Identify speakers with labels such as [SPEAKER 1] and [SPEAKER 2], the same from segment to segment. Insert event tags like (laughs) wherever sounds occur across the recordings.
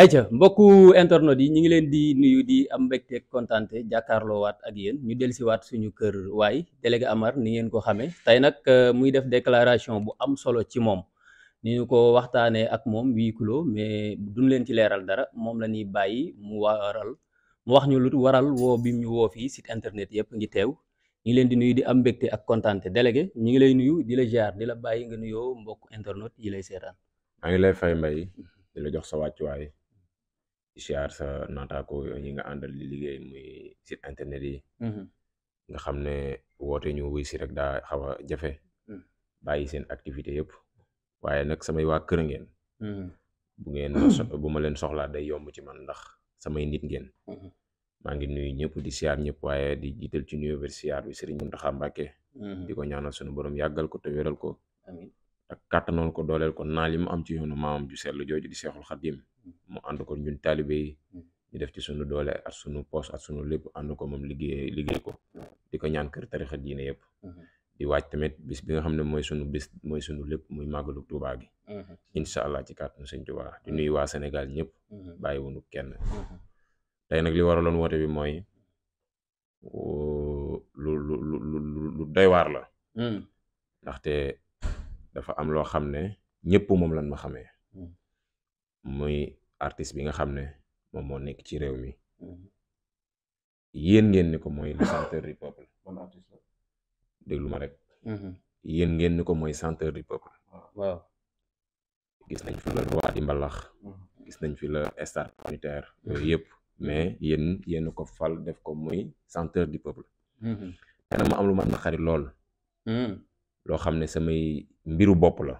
[SPEAKER 1] ayca mbokku internautes yi ñu ngi leen di nuyu di am mbégte kontaante jàkkaarloowaat ak yéen ñu dellusiwaat suñu kër waay délégué Amar ni ngeen ko xamee tey nag euh, muy def déclaration bu am solo ci moom ni ñu ko waxtaanee ak moom huis clos mais duñ leen ci leeral dara moom la ñuy bàyyi mu waral mu wax ñu lu waral woo bi ñu woo fii site internet yëpp ngi teew ñu ngi leen di nuyu di am mbégte ak kontaante délégué ñu ngi lay nuyu di la jaar di la bàyyi nga nuyoo mbokku internautes yi lay seetaan.
[SPEAKER 2] maa ngi la jox siyaar sa naataako yi nga àndal di liggéey muy site internet yi mhm. nga xam ne woote ñu wuy si rek daa xaw a jafe mm. bàyyi seen activité yëpp waaye nag samay waa kër ngeen mm-hmm. bu ngeen bu ma leen soxlaa day yomb ci man ndax samay nit ngeen mm-hmm. maa ngi nuyu ñëpp di siyaar ñëpp waaye di jiital ci nuyoo bi siyaar bi Serigne Mountakha Mbacké mm-hmm. di ko ñaanal sunu borom yàggal ko te wéral ko ak kàttanoon ko dooleel kon naa li mu am ci yoonu maamam ju sell jooju di seexul xadim mm. mu ànd ko ñun taalibe yi mm. ñu def ci sunu doole ak sunu poos ak sunu lépp ànd ko moom liggéey liggéey ko di ko ñaan kër tarixa diine yëpp mm-hmm. di waaj tamit bis bi nga xam ne mooy sunu bis mooy sunu lépp muy màggalu Tuubaa gi mm-hmm. incha allah ci kàttanu sëñ Tuubaa di mm-hmm. nuyu waa senegal ñëpp bàyyi wunu kenn tey nag li waraloon woote bi mooy lu lu lu lu doy waar la mm. ndaxte dafa am loo xam ne ñëpp moom lan ma xamee mm. muy artiste bi nga xam ne moom moo nekk ci réew mi mm-hmm. yéen ngeen ni ko mooy le chanteur peuple (laughs) déglu ma rek mm-hmm. yéen ngeen ni ko mooy chanteur du peuple waaw gis nañ fi la roi di mbalax mm-hmm. gis nañ fi la star planétaire yooyu yëpp mais yéen yéen ko fal def ko muy chanteur di peuple te na am lu ma naqari lool mm. loo xam ne samay mbiru bopp la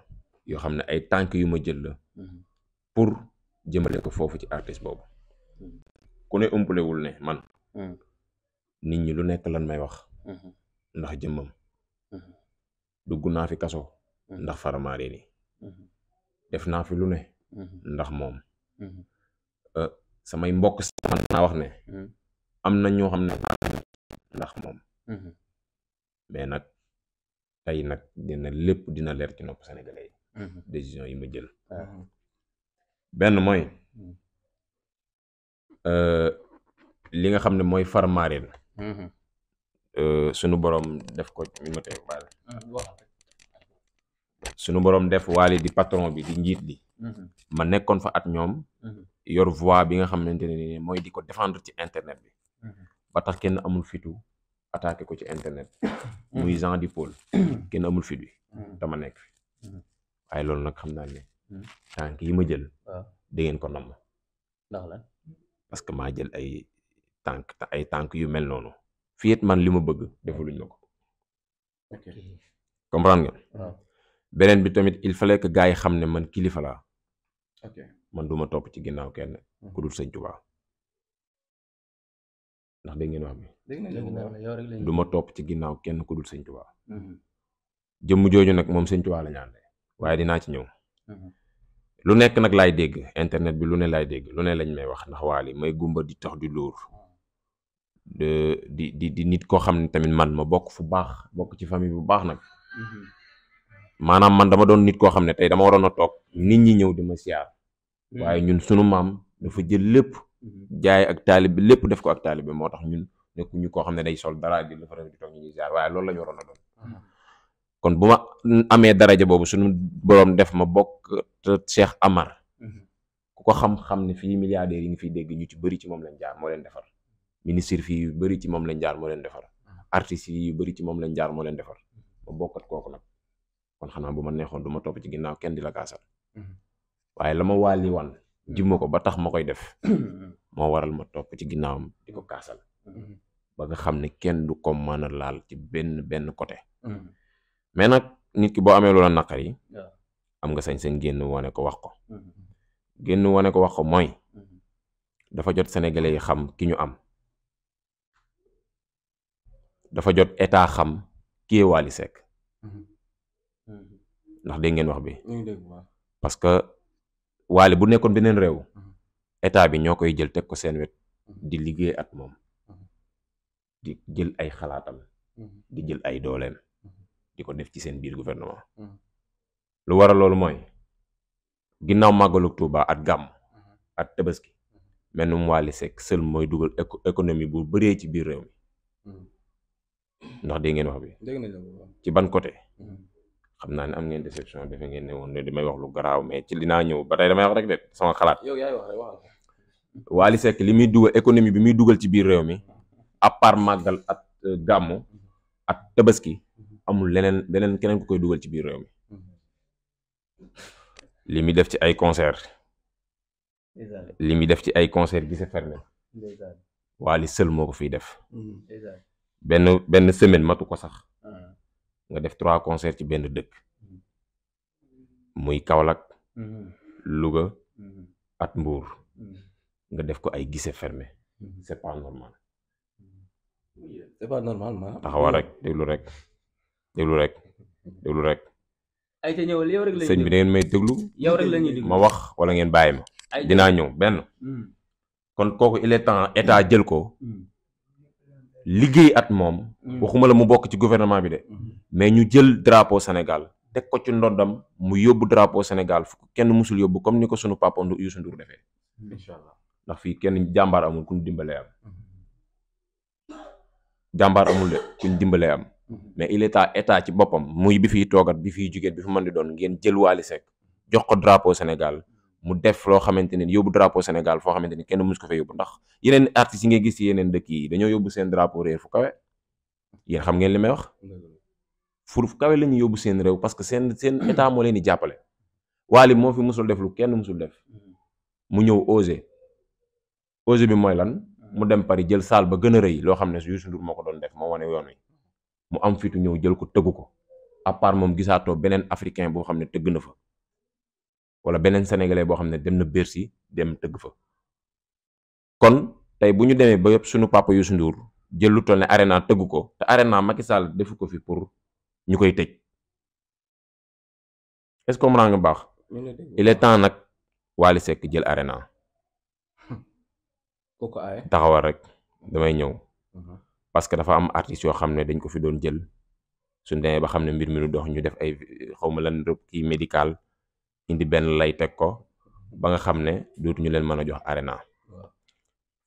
[SPEAKER 2] yoo xam ne ay tànk yu ma jël la mhm. pour jëmale ko foofu ci artiste boobu mhm. ku ne umpalewul ne man mhm. nit ñi lu nekk lan may wax ndax jëmmam dugg naa fi kaso ndax faramaare ni def naa fi lu ne ndax moom euh, samay mbokk sax naa wax ne am na ñoo xam ne ndax moom mais nag tey nag dina lépp dina leer ci nopp sénégalais yi mhm. décision yi ma jël mhm. benn mooy mhm. euh, li nga xam ne mooy farmarin euh, sunu borom def ko mi ma sunu borom def waali di patron bi di njiit li ma nekkoon fa at ñoom yor voix bi nga xamante ne ni mooy di ko défendre ci internet bi ba tax kenn amul fitu attaqué ko ci internet. (coughs) muy hmm. Jean du Paul. (coughs) kenn amul fit bi hmm. dama nekk fi. Hmm. waaye loolu nag xam naa ne. tànk yi ma jël. waaw ko nam ndax parce que maa jël ay tànk ay tànk yu mel noonu. fii it man li ma bëgg defaluñ ma ko.
[SPEAKER 3] ok
[SPEAKER 2] nga. beneen bi tamit il fa lekk gars yi xam ne man kilifa laa. man du ma topp ci ginnaaw kenn. ku dul sëñ Tuubaa ndax dégg ngeen wax bi. dégg du ci ginnaaw kenn ku dul sëñ Tuubaa. Mm-hmm. jëmm jooju nag moom sëñ Tuubaa la ñaan waaye dinaa ci ñëw. Mm-hmm. lu nekk nag laay dégg internet bi lu ne laay dégg lu ne lañ may wax ndax waali may gumba di tax di lóor di di di nit koo xam ne tamit man ma bokk fu baax bokk ci famille bu baax nag
[SPEAKER 3] mm-hmm.
[SPEAKER 2] maanaam man dama doon nit koo xam ne tey dama waroon a toog nit ñi ñëw di ma siyaar waaye ñun sunu maam dafa jël lépp jaay ak taalib bi lépp def ko ak taalib bi moo tax ñu nekku ñu koo xam ne day sol dara di lu faral di toog ñu ngi ziar waaye loolu la ñu waroon kon bu ma amee daraja boobu suñu boroom def ma bokk Cheikh Amar mhm. ko xam-xam ne fii milliardaires yi ngi fiy dégg ñu ci bëri ci moom lañ jaar moo leen defar ministre fii yu bëri ci moom lañ jaar moo leen defar artistes yi yu bëri moom lañ jaar moo leen defar mhm. ma bokkat kooku nag kon xanaa bu ma neexoon du ma topp ci ginnaaw kenn di la kaasal mhm. waaye la ma wàlli wan ma ko ba tax ma koy def (clears throat) moo waral ma topp ci ginnaawam di ko kaasal mm-hmm. ba nga xam ne kenn du ko mën a laal ci benn benn côté mm-hmm. mais nag nit ki boo amee loola naqar yi am nga sañ-sañ génn wane ko wax ko mm-hmm. génn wane ko wax ko mooy dafa jot sénégalais yi xam ki ñu am dafa jot état xam kii Wally Seck ndax dégg ngeen wax bi parce que Wally bu nekkoon beneen réew état bi ñoo koy jël teg ko seen wet mhm. di liggéey ak moom mhm. di jël ay xalaatam mhm. di jël ay dooleem di ko def ci seen biir gouvernement lu waral loolu mooy ginnaaw màggalu Tuuba at gàmm at tabaski mel ni Wally Seck seul mooy dugal économie bu bëree ci biir réew mi ndax dégg ngeen wax bi ci ban côté xam naa ne am ngeen déception defe ngeen ne woon ne damay wax lu garaaw mais ci li naa ñëw ba tey damay wax rek de sama xalaat. yow sekk li muy dugal économie bi muy dugal ci biir réew mi à part ak euh, gàmmu ak tabaski amul leneen leneen keneen ku koy dugal ci biir réew li muy def ci ay concert li muy def ci ay concert bi se fermé Wally moo ko fiy def benn benn semaine matu ko sax. Ah. nga def trois concerts ci benn dëkk mm-hmm. muy Kaolack mm-hmm. Louga mm-hmm. at Mbour nga def ko ay guichets fermés c'est pas normal c'est ma taxawal rek déglu rek déglu rek déglu rek ay rek la ñuy sëñ bi da ngeen may déglu yow ma wax wala ngeen bàyyi ma dinaa ñëw benn mm. kon kooku il est temps état jël ko mm. liggéey at moom. Mm. waxuma la mu bokk ci gouvernement bi de. Mm-hmm. mais ñu jël drapo Sénégal teg ko ci ndondam mu yóbbu drapeau Sénégal fukk kenn musul yóbbu comme ni ko sunu papa Ndu Youssou Ndour defee. Mm-hmm. incha allah ndax fii kenn jàmbaar amul kuñ dimbale am. Mm-hmm. jàmbaar amul de kuñ dimbale am. mais il est à état ci boppam muy bi fiy toogat bi fiy jugeet bi fi mën di doon ngeen jël Wally Seck jox ko drapo Sénégal mu def loo xamante ne yóbbu drapeau Sénégal foo xamante ni kenn mus ko fa yóbbu ndax yeneen artistes yi ngay gis ci yeneen dëkk yi dañoo yóbbu seen drapeau réer fu kawe yéen xam ngeen li may wax fu kawe la yóbbu seen réew parce que seen seen état moo leen di jàppale Wally moo fi musul def lu kenn musul def mu ñëw osé osé bi mooy lan mu dem Paris jël salle ba gën a rëy loo xam ne Youssou Ndour moo ko doon def moom wane yoon wi mu am fitu ñëw jël ko tëggu ko à moom gisaatoo beneen africain boo xam ne tëgg na fa wala beneen sénégalais boo xam ne dem na Bercy dem tëgg fa kon tey bu ñu demee ba yëpp suñu papa Youssou Ndour jël lu toll ne arena tëgg ko te arena Macky Sall defu ko fi pour ñu koy tëj est-ce que comprendre nga baax il est temps nag Wally Seck jël arena (laughs) taxawal rek damay ñëw mhm. parce que dafa am artistes yoo xam ne dañ ko fi doon jël suñ demee ba xam ne mbir mi lu dox ñu def ay xaw xawma lan rëb kii médical indi benn lay teg ko ba nga xam ne dootuñu leen mën a jox arena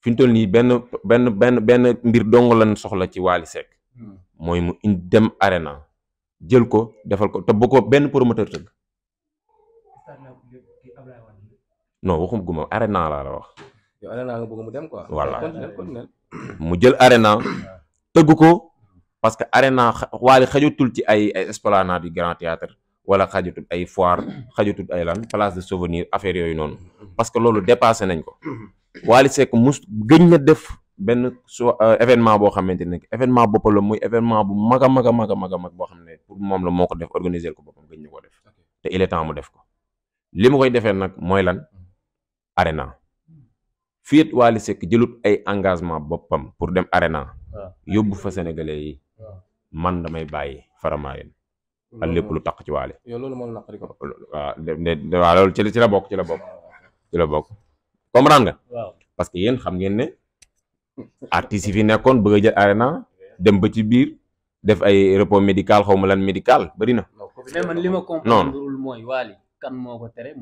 [SPEAKER 2] fi toll nii benn benn benn benn mbir dong lan soxla ci Wally Seck hmm. mooy mu indi dem arena jël ko defal ko te bu ko benn promoteur tëgg non waxum guma arena laa la wax. yow (coughs) mu jël arena hmm. tëgg ko parce que arena Wally xajatul ci ay ay esplanade du grand théâtre wala xajatut ay foire xajatut ay lan place de souvenir affaire yooyu noonu parce que loolu dépassé nañ ko Wally Seck mus gëñ na def benn su euh, événement boo xamante ne événement boppam la muy événement bu mag a mag a mag mag a mag boo xam ne pour moom la moo ko def organiser ko boppam gëñ na ko def te il est temps mu def ko li mu koy defee nag mooy lan arena fii it Wally Seck jëlut ay engagement boppam pour dem arena ah. yóbbu fa sénégalais yi ah. man damay bàyyi faramaayeen ak lépp lu taq ci waale. yow
[SPEAKER 3] loolu moo naqari ko.
[SPEAKER 2] waaw loolu ci la ci bokk ci la bokk. ci la bokk nga. waaw parce que yéen xam ngeen ne artistes fi nekkoon bëgg a jël arena dem ba ci biir def ay repos médical xaw ma lan médical bëri na. mais man
[SPEAKER 1] kan moo ko tere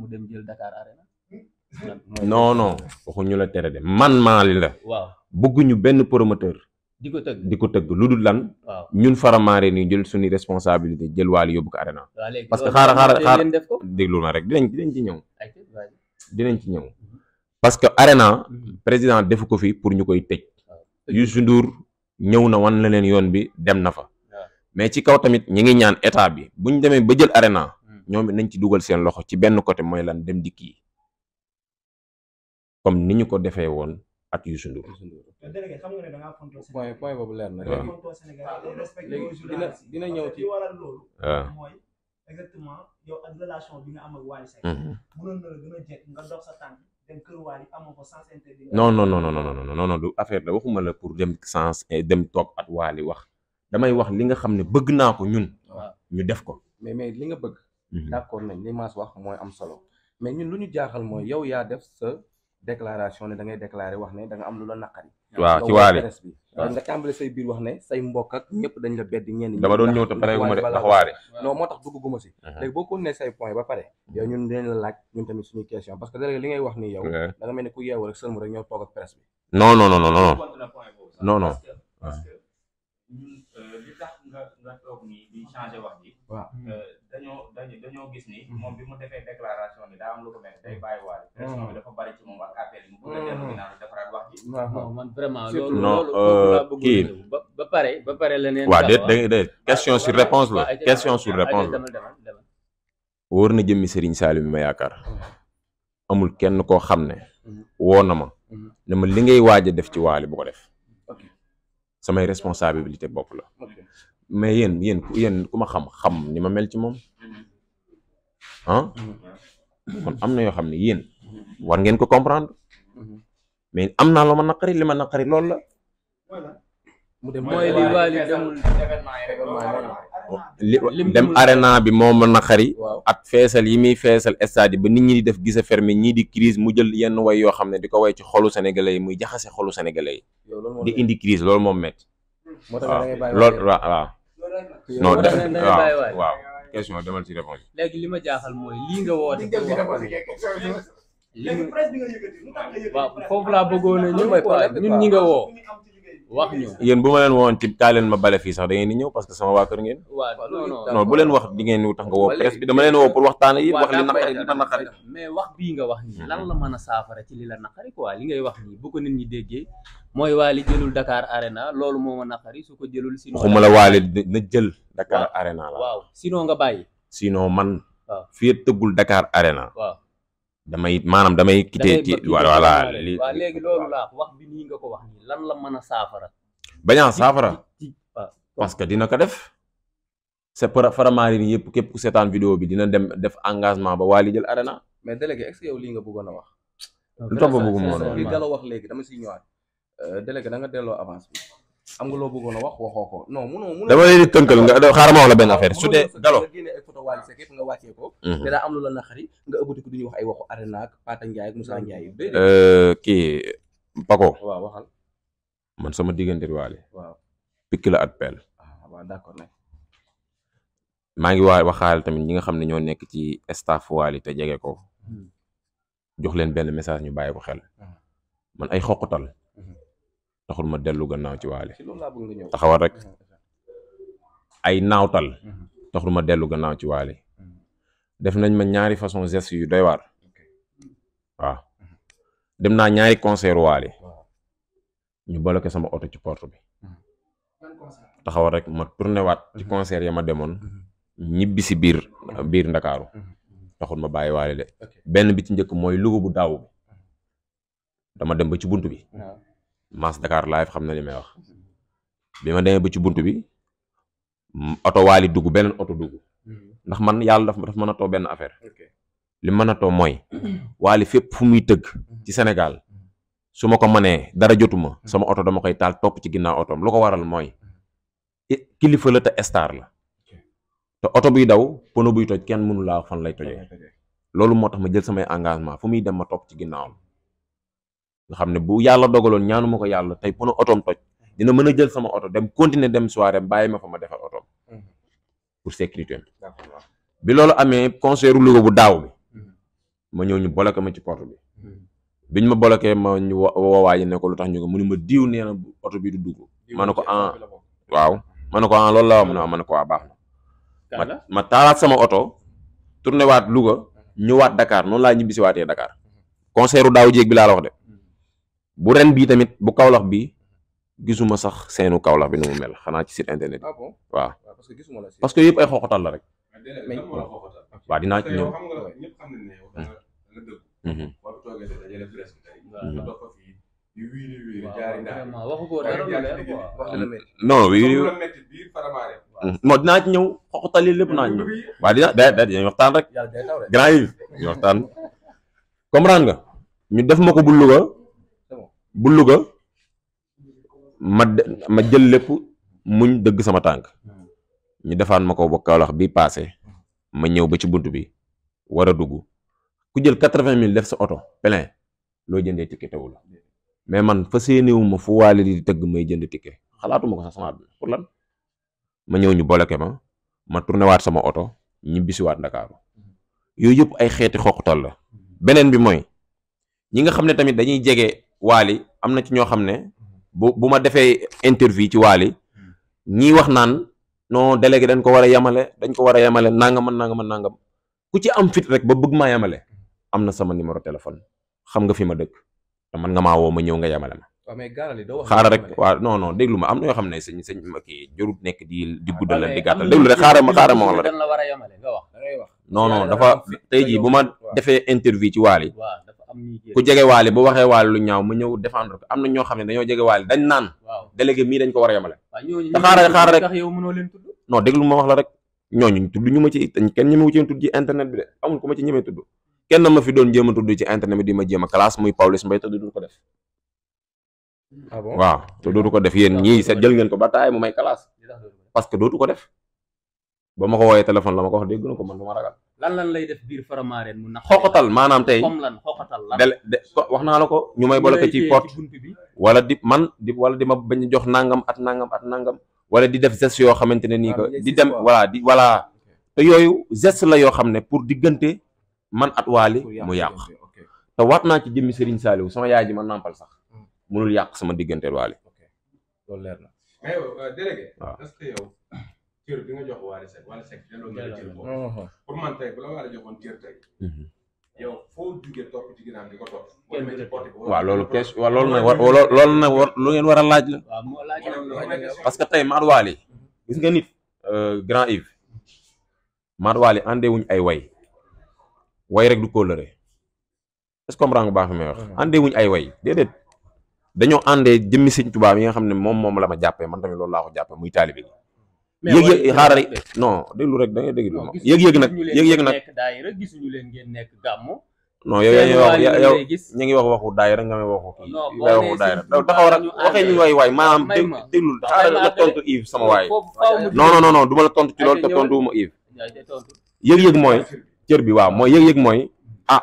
[SPEAKER 2] waxuñu la tere de man maa la. waaw bëgguñu benn promoteur. di ko tëgg di ko tëgg lu dul lan. waaw ñun faramaare ni jël suñu responsabilité jël waali yóbbu ko arena. parce que xaaral xaaral xaaral déglu ma rek dinañ dinañ ci ñëw. dinañ ci ñëw mhm. parce que arena mhm. président defu ko fi pour ñu koy tëj. Youssou Ndour ñëw na wan la leen yoon bi dem na fa. mais ci kaw tamit ñi ngi ñaan état bi bu ñu demee ba jël arena. Mhm. ñoom nañ ci dugal seen loxo ci benn côté mooy lan dem dikk yi comme ni ñu ko defee woon. ak Youssou Ndour.
[SPEAKER 3] délégué xam nga ne da ngaa fonto Sénégal. point point boobu leer na léegi léegi dina dina ñëw
[SPEAKER 1] ci. waaw mooy exactement yow ak relation bi nga am ak Wally Seck. mënoon na la gën a jekk nga dox sa tànk dem kër Wally amoo ko sens interdit.
[SPEAKER 2] non non non non non non non du affaire la waxuma la pour dem sens eh, dem toog at Wally wax damay wax li nga xam ne bëgg naa ko ñun. ñu def ko.
[SPEAKER 3] mais mais li nga bëgg. d'accord nañ li Mass wax mooy am solo mais ñun lu ñu jaaxal mooy yow yaa def sa. déclaration ne da ngay déclarer wax ne da am lu la naqari. waaw ci waale waaw nga tàmbale say biir wax ne say mbokk ak ñëpp dañ la beddi ñenn ñi. dama doon ñëw te pare gu ma de ndax uh-huh. la laaj ñun tamit suñuy question parce que léeg li ngay wax nii yow. da nga mel ku yeewu rek sëlmu rek ñëw toog ak bi.
[SPEAKER 2] non non non non non non non. dañoo dañu dañoo gis ni
[SPEAKER 1] kii ba pare ba pare leneen waaw déet déet question sur réponse la question sur réponse la
[SPEAKER 2] na jëmmi Serigne Saliou mi ma yaakaar amul kenn koo xam ne mhm. woo na ma mhm. ne ma li ngay waaja def ci waali bu ko def samay responsabilité bopp la mais yéen yéen yéen ma xam xam ni ma mel ci moom ah kon am na yoo xam ne yéen war ngeen ko comprendre mais am naa lu ma naqari li ma naqari loolu la.
[SPEAKER 3] mu dem mooy li waali demul
[SPEAKER 2] li dem arena bi moo ma naqari. at feesal yi muy feesal stade ba nit ñi di def gisa fermé ñii di crise mu jël yenn way yoo xam ne di ko way ci xolu sénégalais yi muy jaxase xolu sénégalais yi. di indi crise loolu moom métti. moo tax da ngay bàyyi question demal ci réponse
[SPEAKER 1] léegi li ma jaaxal mooy lii nga woote. li waaw foofu laa bëggoon a ñi woo wax ñu.
[SPEAKER 2] yéen bu ma leen woon ci taa ma bale fii sax da ngeen ñëw parce que sama waa kër ngeen. waaw bu leen wax di ngeen tax nga woo presse bi dama leen woo pour waxtaan yi wax li naqari li ma naqari.
[SPEAKER 1] mais wax bii nga wax nii hmm. lan la mën a saafara ci li la naqari quoi li ngay wax nii bu ko nit ñi déggee mooy Wally jëlul Dakar Arena loolu moo ma naqari su ko jëlul. si waxuma la Wally
[SPEAKER 2] na jël. Dakar
[SPEAKER 1] Arena la waaw sinon nga bàyyi.
[SPEAKER 2] sinon man. fi fii tëggul Dakar Arena. waaw damay maanaam damay. quitté ci voilà li
[SPEAKER 1] loolu laa wax bi nii nga ko wax nii lan la mën a saafara.
[SPEAKER 2] bañaa saafara. parce que dina ko def. c'est pour Faramareen képp ku seetaan vidéo bi dina dem def engagement ba waa li jël arena.
[SPEAKER 3] mais délégué est yow lii nga bëggoon a wax. lu tax nga bëgg moo doon li dala wax léegi dama siy ñëwaat. Euh, délégué da nga delloo avance bi. am nga loo bëggoon a wax waxoo ko non munoo munoo dama leen tënkal xaaral ma wax la benn affaire su dee galo nga génne ay photo Wally nga wàccee ko mhm. te daa am lu la naqari nga ëbbati ko duñuy wax ay waxu Arena ak Pata Ndiaye ak Moussa Ndiaye
[SPEAKER 2] euh, kii Paco man sama diggante bi Wally waaw pikk at peel ah, maa ngi wax waxaale tamit ñi nga xam ne ñoo nekk ci staff Wally te jege ko hmm. jox leen benn message ñu bàyyi ko xel hmm. man ay xoqutal taxul ma dellu gannaaw ci waale taxawal rek ay mhm. ma dellu gannaaw ci waale mhm. def nañ ma ñaari façon geste yu doy waar dem naa ñaari concert ñu bloqué sama oto ci porte bi mhm. rek ma waat ci concert ma demoon ñibbi si biir biir ndakaaru taxul ma bàyyi waale de benn bi ci njëkk mooy Louga bu daaw bi dama dem ba ci bunt bi Mass Dakar live xam na li may wax bi ma demee ba ci bunt bi oto waali dugg beneen oto dugg mm-hmm. ndax man yàlla daf daf mën a too benn affaire li mën a too mooy (coughs) waali fépp fu muy tëgg mm-hmm. ci senegal mm-hmm. su ma ko mënee dara jotuma sama oto dama koy taal topp ci ginnaaw otoom lu ko waral mooy kilifa la te star la te oto buy daw pono buy toj kenn mënu laa fan lay tojee loolu moo tax ma jël samay engagement fu muy dem ma topp ci ginnaawam nga xam ne bu yàlla dogaloon ñaanu ma ko yàlla tey pono otoom toj dina mën a jël sama oto dem continuer dem soirée bàyyi ma fa ma defar otoom mm-hmm. pour bi loolu amee concert Louga bu daaw bi mm-hmm. ma ñëw ñu bloqué ma ci porte bi mm-hmm. biñ ma bloqué ma ñu woowaa ji ne lu tax ñu ko mu ne ma diw nee na oto bi du dugg man ne ko ah waaw ma ne ko ah loolu la waa mun a ah, ne ko waa ah, baax na ma ma taalaat sama oto tourné waat Louga ñëwaat Dakar noonu laa ñibbisi waatee Dakar concert daaw jéeg bi laa la wax de bu ren bii tamit bu Kaolack bi gisuma sax seenu Kaolack bi nu mu mel xanaa ci site internet bi ah waaw parce que yëpp ay xooxatal la rek. waaw dinaa ci ñëw. non wii mhm. non dinaa ci ñëw xoxotali lépp naa ci ñëw waaw dina da da dinañ waxtaan rek grand yi ñu waxtaan comprendre nga ñu def ma ko bu Louga bu Louga ma ma jël lépp muñ dëgg sama tànk ñu defaan ma ko ba Kaolack bi paase ma ñëw ba ci bunt bi war a dugg ku jël quatre-vingt mille def sa oto plein loo jëndee ticket tawu la mais man fa séenéwuma fu waale di tëgg may jënd ticket xalaatuma ko sax sama àdduna pour lan ma ñëw ñu boleke ma ma tourné waat sama oto ñibbisiwaat Ndakaaru yooyu yëpp ay xeeti xoqutal la beneen bi mooy ñi nga xam ne tamit dañuy jege Waly am na ci ñoo xam ne mhm. bu bu ma defee interview ci Waly mhm. ñii wax naan non délégué dañ ko war a yemale dañ ko war a yemale nangam ak nangam ak nangam ku ci am fit rek ba bëgg ma yemale mhm. am na sama numéro téléphone xam nga fi ma dëkk te man nga maa woo ma ñëw nga yemale ma.
[SPEAKER 3] waaw mais gàllali doo rek
[SPEAKER 2] waaw non non déglu ma am na yoo xam ne sëñ sëñ ma kii jarut nekk di di ah, guddal di gàttal déglu rek xaaral ma xaaral ma wax la
[SPEAKER 1] rek.
[SPEAKER 2] non non dafa tey jii bu ma defee interview ci Waly ku jege waale bu waxee waale lu ñaaw ma ñëw défendre ko am na ñoo xam ne dañoo jege waale dañ naan délégué mii dañ ko war a yemale te xaaral xaaral rek non ma wax la rek ñooñu tudd ñu ma ci kenn ñeme wu ci tudd ci internet bi de amul ku ma ci ñemee tudd kenn ma fi doon jéem tudd ci internet bi di ma jéem a classe muy Pawlish Mbaye te du ko def ah waaw te dootu ko def yéen ñii sa jël ngeen ko ba taay mu may classe parce que dootu ko def ba ma ko woowee téléphone la ma ko wax dégg na ko man du ma
[SPEAKER 1] lan lan lay def biir Faramareen mu nax xoqatal maanaam tey comme lan xoqatal
[SPEAKER 2] de wax naa la ko ñu may bloqué ci porte wala di man di wala di ma bañ jox nangam at nangam at nangam wala di def geste yoo xamante ne nii ko ah, di dem voilà di voilà te yooyu gest la yoo xam ne pour diggante man at waali mu yàq te waat naa ci jëmmi Serigne Saliou sama yaay ji ma nàmpal sax mënul hmm. yàq sama diggante waali loolu leer cër bi nga jox Wally Seck loolu question mhm. waaw loolu nag war loolu nag war lu ngeen war a laaj la parce que tey Mad Wally mhm. gis nga nit euh, Grand Yves Mad Wally àndewuñ ay way way rek du kóllëre est-ce que comprendre nga baax fi may wax àndewuñ ay way déedéet dañoo àndee jëmmi Sëñ Tuubaa yi nga xam ne moom moom la ma jàppee man tamit loolu laa ko jàppee muy taalibe
[SPEAKER 3] yëg-yëg xaaral rek
[SPEAKER 2] da ngay déglu moom yëg-yëg nag yëg-yëg nag
[SPEAKER 1] gisuñu leen ngeen nekk gàmmu non yow yaa ngi wax yow
[SPEAKER 2] ñu ngi wax waxu daayira nga may waxu kii ngay waxu daayira daw taxaw rek waxee ñu waay waay maanaam déglul xaaral nga tontu Yves sama waay non non non du ma la tontu ci loolu te tontuwuma Yves yëg-yëg mooy cër bi waaw mooy yëg-yëg mooy ah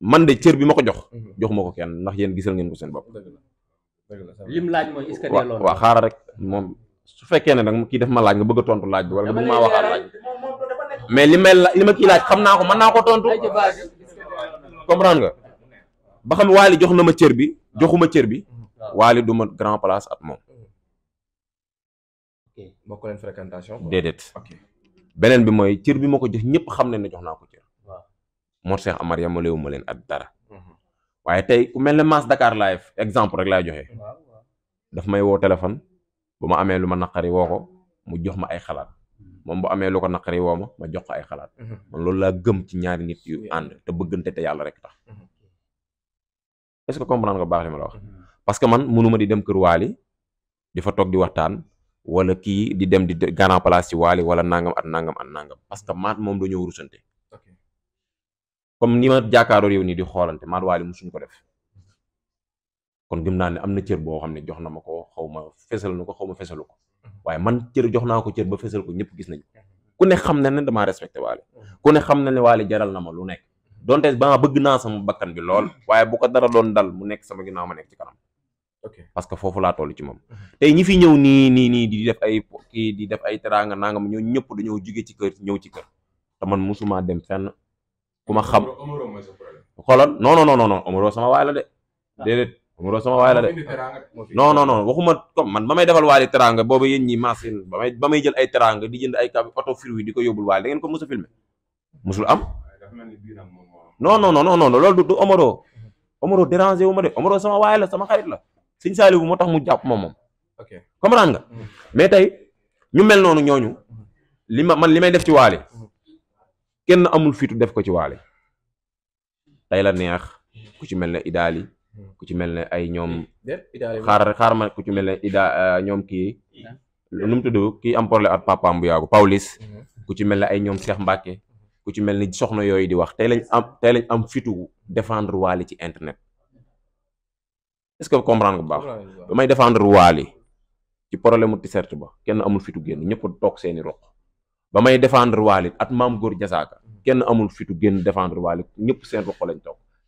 [SPEAKER 2] man de cër bi ma ko jox mhm. jox ma ko kenn ndax yéen gisal ngeen ko seen bopp lim laaj xaaral rek moom su fekkee ne nag mu kii def ma laaj nga bëgg tontu laaj bi wala nga bëgg maa waxaat laaj mais li may li ma kii laaj xam naa ko mën naa ko tontu comprendre nga ba xam waali jox na ma cër bi joxuma cër bi waali du ma grand place at moom
[SPEAKER 3] bokk leen fréquentation déedéet
[SPEAKER 2] beneen bi mooy cër bi ma ko jox ñëpp xam ne ne jox naa ko cër moo Cheikh Amar yamalewu ma leen at dara mhm. waaye tey ku mel ne Mass Dakar live exemple rek laay joxe daf may woo téléphone bu ma amee lu ma naqari woo ko mu jox ma ay xalaat hmm. moom bu amee lu ko naqari woo ma ma jox ko ay xalaat hmm. man loolu laa gëm ci ñaari nit yu ànd te bëggante te yàlla rek tax hmm. est-ce que baax li ma la wax parce que man mënuma di dem kër waali di fa toog di waxtaan wala kii di dem di Grand Place ci waali wala nangam at nangam at nangam parce que maat moom dañoo rusante comme ni ma jàkkaaroo yow nii di xoolante maat waali suñ ko def kon gëm naa ne am na cër boo xam ne jox na ma ko xaw ma fesal na ko xaw ma mhm. jox naa ko cër ba fesal ko ñëpp gis nañ ko mhm. ku ne xam na ne damaa respecté waale mhm. ku ne xam na ne waale jaral na ma lu nekk donte ba bëgg naa sama bakkan bi lool waaye bu ko dara doon dal mu nekk sama ginnaaw ma nekk ci kanam parce foofu laa toll ci moom tey ñi fi ñëw nii nii nii di def ay kii di def ay teraanga nangam ñoo ñëpp dañoo jóge ci kër ñëw ci kër te man musuma dem fenn ku ma xam xoolal non non non non sama waay Omaro sama waay la de non non non waxuma comme man ba may defal waali teranga boobu yéen ñi machine ba may ba may jël ay teranga di jënd ay kab oto fruit di ko yóbbul waali da ngeen ko a filmé mosul am non non non non loolu du Omaro Omaro dérangé wu ma de Omaro sama waay la sama xarit la Sëñ Saliou moo tax mu jàpp moom moom comprendre nga mm-hmm. mais tey ñu mel noonu ñooñu mm-hmm. li ma man li may def ci waali mm-hmm. kenn amul fitu def ko ci waali tey la neex ku ci mel ne idaali Hmm. ku ci mel ne ay ñoom xaar xaar ma ku ci mel ne ida euh, ñoom kii nu mu tudd kii am problème ak papaam bu yaagu hmm. ku ci mel ne ay ñoom Cheikh Mbacke hmm. ku ci mel ni soxna yooyu di wax tey lañ am tey lañ am fitu défendre Wally ci internet est que comprendre bu baax ba may défendre Wally ci problème mu t-shirt kenn amul fitu génn ñëpp toog seeni roq ba may défendre Wally at maam góor jasaaka kenn amul fitu génn défendre Wally ñëpp seen roq lañ toog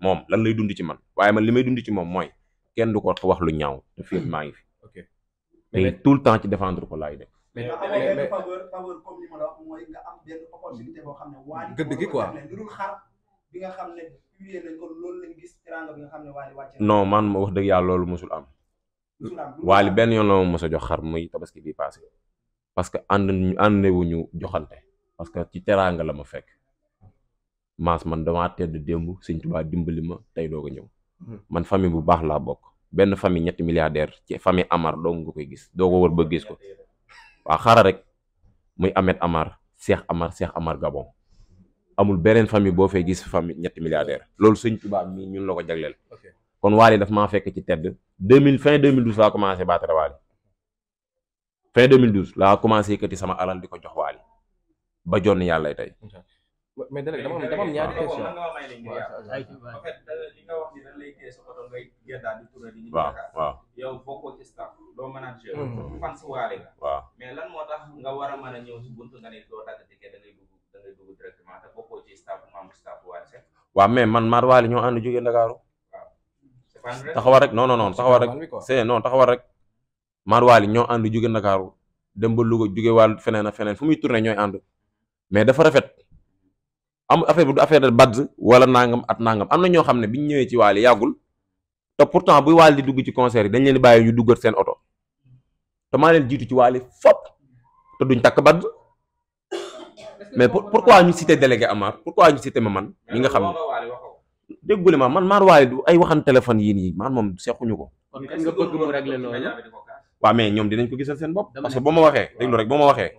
[SPEAKER 2] moom lan lay dund ci man waaye man li may dund ci moom mooy kenn du ko wax lu ñaaw te fii hmm. maa ngi fi. ok te tout le temps ci défendre ko laay def. man ma wax dëgg yàlla loolu mosul am. waali benn yoon la ma mos a jox xar muy tabaski bi passé parce que ànd àndewuñu joxante parce que ci teraanga la ma fekk maas man damaa tedd démb sëñ Tuubaa dimbali ma tey doog a ñëw mhm. man famille bu baax laa bokk benn famille ñetti milliardaire ci famille Amar doo nga koy gis doo ko wër ba gis ko waaw xara rek muy Ahmed Amar Cheikh Amar Cheikh Amar Gabon amul beneen famille boo fay gis famille ñetti milliardaire loolu sëñ Tuubaa mii ñun la ko jagleel kon Wally daf maa fekk ci tedd 2000 fin 2012 laa commencé baatare Wally fin 2012 laa commencé yëkkati sama alal di ko jox Wally ba jonn yàlla tey
[SPEAKER 3] mais dama dama ñaari question en fait li nga wax
[SPEAKER 1] ni dañ lay téye sa oto ngay
[SPEAKER 2] génnaat di tourné di ñu waaw yow bokkoo ci a da ngay dugg da sax waaw mais man maar waale ñoo ànd jógee Ndakaaru waaw taxawal rek non non non rek c'est non taxawal rek maar waale ñoo ànd jógee Ndakaaru dem ba Louga jógee wàll feneen feneen fu muy tourné ñooy ànd mais dafa rafet am affaire bi du affaire de badd wala nangam at nangam am na ñoo xam ne biñ ñëwee ci waali yàggul te pourtant bu waali di dugg ci concert yi dañ leen bàyyi ñu duggat seen oto te maa leen jiitu ci waali fop te duñ takk badd mais pourquoi ñu cité délégué Amar pourquoi ñu cité ma man ñi nga xam ne déggule ma man maar waali du ay waxan téléphone yii nii man moom seexuñu ko.
[SPEAKER 1] kon nga bëgg mu régler loolu.
[SPEAKER 2] waaw mais ñoom dinañ ko gisal seen bopp. parce que ma waxee déglu rek boo ma waxee.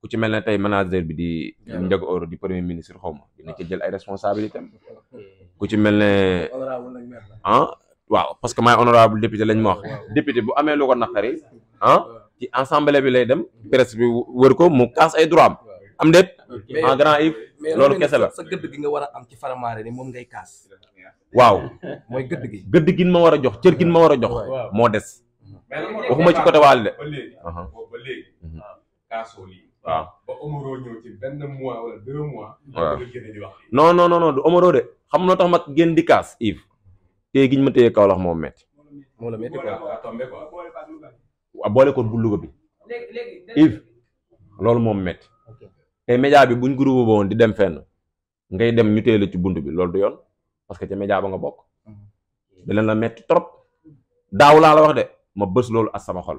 [SPEAKER 2] ku ci mel ne tey manager bi di Ndiago Oro di premier ministre xaw ma dina ci jël ay responsabilité hmm. ku ci mel ne ah waaw parce que maay honorable député lañ ma wax député bu amee lu ko naqari ah ci assemblée bi lay dem presse wër ko mu kaas ay droit am am déet en grand if loolu kese la sa
[SPEAKER 3] gëdd gi nga war a am ci faramaare ni moom ngay kaas waaw mooy
[SPEAKER 2] gëdd gi ma war a jox cër gi ma war a jox moo des waxuma ci côté de waaw ba Omaro ñëw ci du Omaro de xam nga tax mag génn di kaas Yves. tey giñ ma téye Kaolack moo métti. moo boole ko bu Louga bi. Yves loolu moom métti. tey média bi buñ groupe woon di dem fenn ngay dem ñu téye la ci bunt bi loolu du yoon parce que ca média ba nga bokk. Mhm. da leen la métti trop daaw laa la wax de ma bës loolu ak sama xol.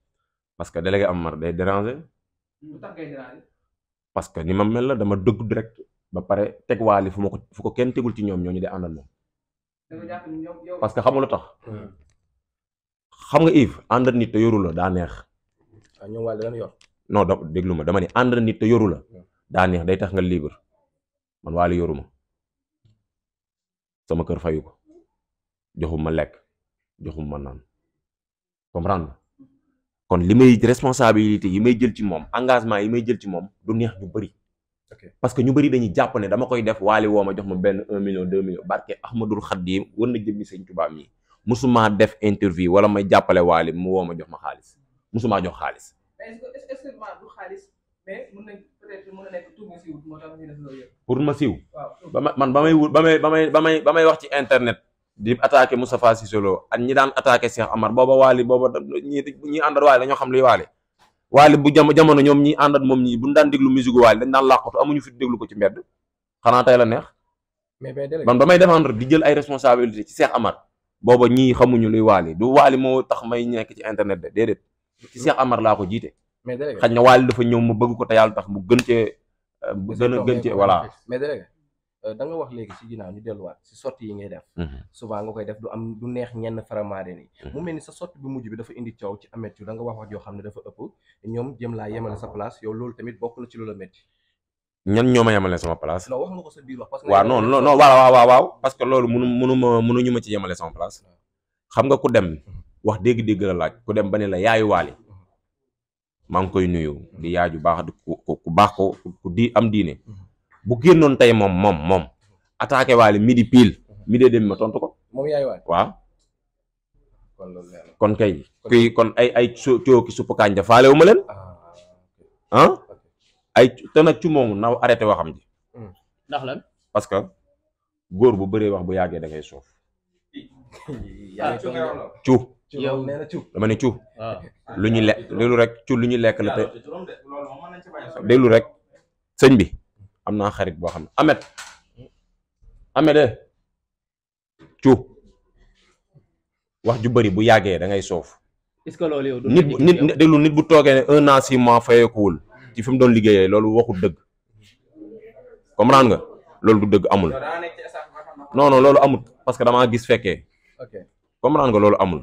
[SPEAKER 2] parce que délégué Amar day déranger.
[SPEAKER 3] lu tax déranger.
[SPEAKER 2] parce que ni ma mel la dama dëgg direct ba pare teg waali fu ma ko fu ko kenn tegul ci ñoom ñoo ñu dee àndal moom.
[SPEAKER 3] parce que xamul tax. Hmm.
[SPEAKER 2] xam nga Yves àndal nit te yoru la daa neex.
[SPEAKER 3] Ah, ñoom waali dana yor.
[SPEAKER 2] non da ma dama ni àndal nit te yoru la. Hmm. daa neex day tax nga libre man waali yoru ma sama kër fayu ko joxum ma lekk joxum ma naan comprendre kon li may responsabilité yi may jël ci moom engagement yi may jël ci moom du neex ñu bëri parce que ñu bari dañuy jàppale dama koy def waali woo ma jox ma benn un million deux millions barke Ahmadul Xaddim war na jëmmi sëñ Tuubaa mi musuma def interview wala may jàppale waali mu woo ma jox ma xaalis musuma jox xaalis pour ma siiw ba ma man ba may wut ba may ba may ba may wax ci internet di attaqué Moustapha Cissé Lo ak ñi daan attaqué Cheikh Amar booba waali booba ñi ñi àndat waali dañoo xam liy waali waali bu jam jamono ñoom ñi àndat moom ñi buñu daan déglu musique waali dañ daan làqatu amuñu fit déglu ko ci mbedd xanaa tey la neex man ba may défendre di jël ay responsabilité ci Cheikh Amar booba ñii xamuñu luy waali du waali moo tax may nekk ci internet de déedéet ci Cheikh Amar laa ko jiite xaj na waali dafa ñëw ma bëgg ko te yàlla tax mu gën cee a gën cee
[SPEAKER 3] Euh, da nga wax léegi ci ginnaaw ñu delluwaat ci sorti yi ngay def mhm. souvent nga koy def du am du neex ñenn faramaare ni mhm. mu mel ni sa sorti bu mujj bi dafa indi coow ci amet yu da nga wax wax yoo xam ne dafa ëpp ñoom jëm laa yemale sa place yow loolu tamit bokk na ci loola
[SPEAKER 2] ñoo ma yemale sama place non wax nga ko sa biir wax parce que waaw non non non waaw waaw waaw parce que loolu munu munuma mënuñu ma ci yemale sama place xam nga ku dem mhm. wax dégg-dégg la laaj ku dem ba ne la yaayu waali maa ngi koy nuyu di yaaju baax di ku baax ko ku di am diine bu génnoon tey moom moom moom attaqué waale midi pile midi dem ma tontu ko. moom kon kay kuy kon ay ay co cooki suppu kànja faale wu ma leen ah, ah? ay te nag ci moomu naw arrêté waxam ji.
[SPEAKER 1] Hmm. ndax lan
[SPEAKER 2] parce que góor bu bëree wax bu yàggee dangay ngay soof.
[SPEAKER 3] Ah, cu yow
[SPEAKER 2] dama ne cu ah. lu ñu lekk rek cu lu ñu lekk la te déglu rek sëñ bi. am naa xarit boo xam ne Ahmed Ahmed cuub eh, wax ju bari bu yàggee da ngay soof.
[SPEAKER 1] est-ce nit nit
[SPEAKER 2] déglu nit bu toogee ne un an six mois fayeekuwul ci fi mu doon liggéeyee loolu waxut dëgg comprendre nga loolu du dëgg amul non loolu amul parce que damaa gis fekkee comprendre nga loolu amul.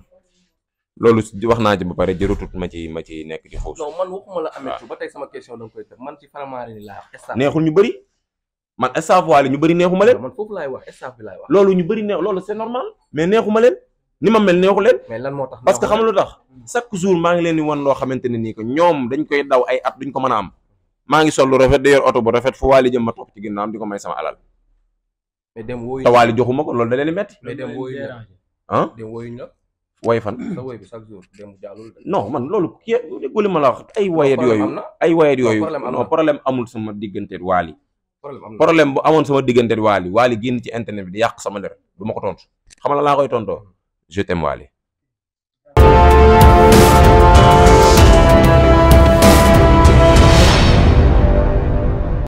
[SPEAKER 2] loolu wax naa ci ba pare jërëtut ma ci ma ci nekk ci foofu. neexul ñu bëri man staff Wally ñu bëri neexuma leen. man
[SPEAKER 3] wax staff bi loolu
[SPEAKER 2] ñu bëri neex loolu c'est normal. mais neexuma leen ni ma mel neexu leen. tax parce que xam lu tax chaque jour maa ngi leen di wan loo xamante ne nii que ñoom dañ koy daw ay at duñ ko mën a am maa ngi sol lu rafet di yor oto bu rafet fu Wally jëm ma topp ci ginnaawam di ko may sama alal.
[SPEAKER 3] mais dem wooyu te Wally joxuma ko loolu da leen metti. mais
[SPEAKER 2] way fan. sa way
[SPEAKER 3] bi chaque jour dem jàllul. non man
[SPEAKER 2] loolu kii déggoo ma la wax ay wayet yooyu. ay wayet yooyu non problème amul sama diggante waali. problème bu amoon sama diggante waali waali génn ci internet bi di yàq sama der du ma ko tontu xam la laa koy tontoo hmm. je t'aime waali.